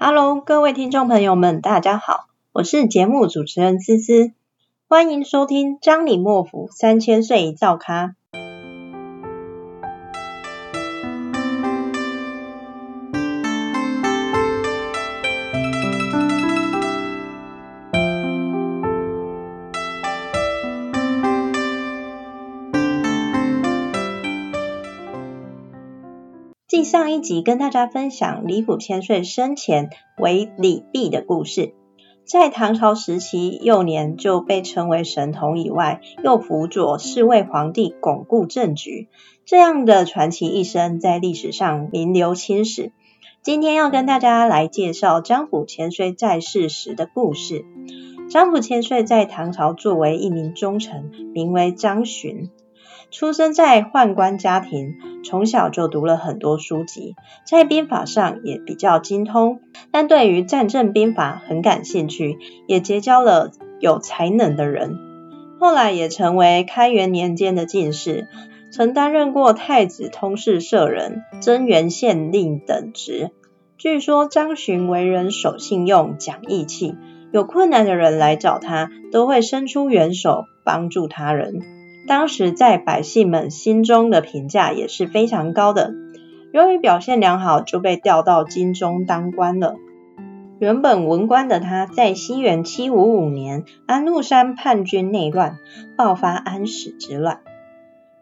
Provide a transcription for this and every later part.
哈嘍，各位聽眾朋友們，大家好，我是節目主持人絲絲，歡迎收聽張李莫府三千歲一造咖。上一集跟大家分享李府千歲生前為李泌的故事，在唐朝時期幼年就被稱為神童以外，又輔佐四位皇帝鞏固政局，這樣的傳奇一生在歷史上名留青史。今天要跟大家來介紹張府千歲在世時的故事。張府千歲在唐朝作為一名忠臣，名為張巡。出生在宦官家庭，從小就讀了很多書籍，在兵法上也比較精通，但對於戰陣兵法很感興趣，也結交了有才能的人。後來也成為開元年間的進士，曾擔任過太子通事舍人、真源縣令等職。據說張巡為人守信用、講義氣，有困難的人來找他，都會伸出援手幫助他人。當時在百姓們心中的評價也是非常高的，由於表現良好，就被調到京中當官了。原本文官的他，在西元七五五年，安祿山叛軍內亂爆發，安史之亂，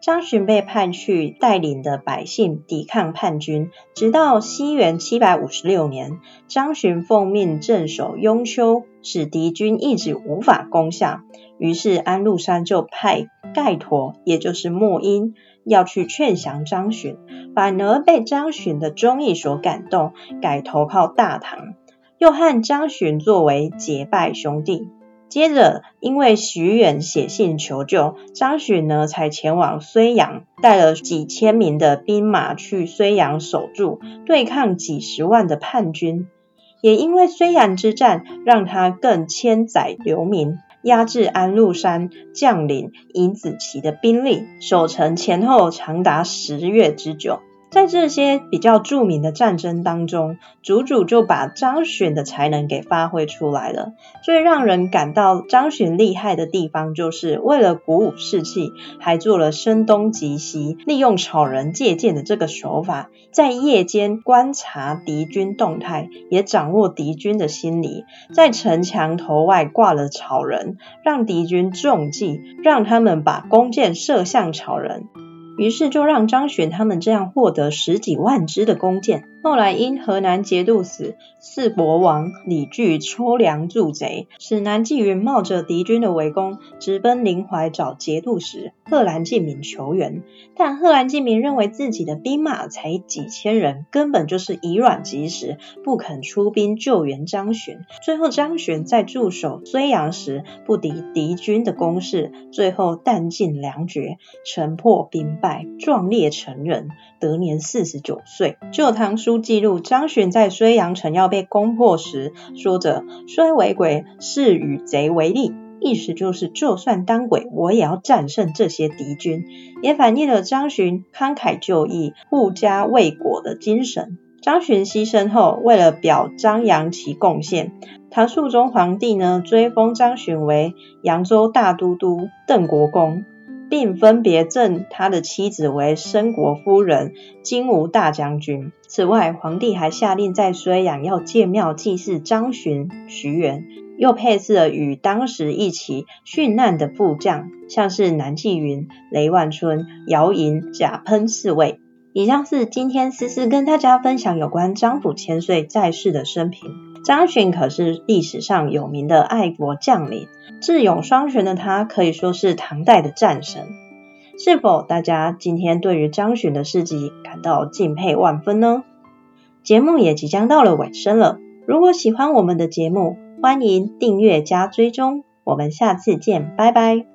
張巡被派去帶領的百姓抵抗叛軍，直到西元七百五十六年，張巡奉命鎮守雍丘。使敵軍一直無法攻下，於是安祿山就派蓋陀，也就是莫英，要去勸降張巡，反而被張巡的忠義所感動，改投靠大唐，又和張巡作為結拜兄弟。接着，因為許遠寫信求救，張巡呢才前往睢陽，帶了幾千名的兵馬去睢陽守住，對抗幾十萬的叛軍。也因為睢陽之戰，讓他更千載留名，壓制安祿山將領尹子奇的兵力，守城前後長達十月之久。在這些比較著名的戰爭當中，主主就把張巡的才能給發揮出來了。最讓人感到張巡厲害的地方，就是為了鼓舞士氣，還做了聲東擊西，利用草人借箭的這個手法，在夜間觀察敵軍動態，也掌握敵軍的心理，在城牆頭外掛了草人，讓敵軍中計，讓他們把弓箭射向草人。於是就讓張巡他們這樣獲得十幾萬支的弓箭。後來因河南節度使四國王李巨抽糧助賊，使南霽雲冒着敵軍的圍攻，直奔臨淮，淮找節度使賀蘭進明求援。但賀蘭進明認為自己的兵馬才幾千人，根本就是以卵擊石，不肯出兵救援張巡。最後張巡在駐守睢陽時，不敵敵軍的攻勢，最後彈盡糧絕，城破兵敗，壯烈成仁，得年四十九歲。《舊唐書》。書記錄張巡在睢陽城要被攻破時，說着“雖為鬼，誓與賊為厲”，意思就是就算當鬼，我也要戰勝這些敵軍，也反映了張巡慷慨就義、護家衛國的精神。張巡犧牲後，為了表彰揚其貢獻，唐肅宗皇帝呢追封張巡為揚州大都督、鄧國公。並分別贈他的妻子為申國夫人、金吾大將軍。此外，皇帝還下令在睢陽要建廟祭祀張巡、許遠，又配祀了與當時一起殉難的副將，像是南霽雲、雷萬春、姚寅、賈烹四位。以上是今天絲絲跟大家分享有關張府千歲在世的生平。張巡可是歷史上有名的愛國將領，智勇雙全的他可以說是唐代的戰神。是否大家今天對於張巡的事跡感到敬佩萬分呢？節目也即將到了尾聲了，如果喜歡我們的節目，歡迎訂閱加追蹤。我們下次見，拜拜。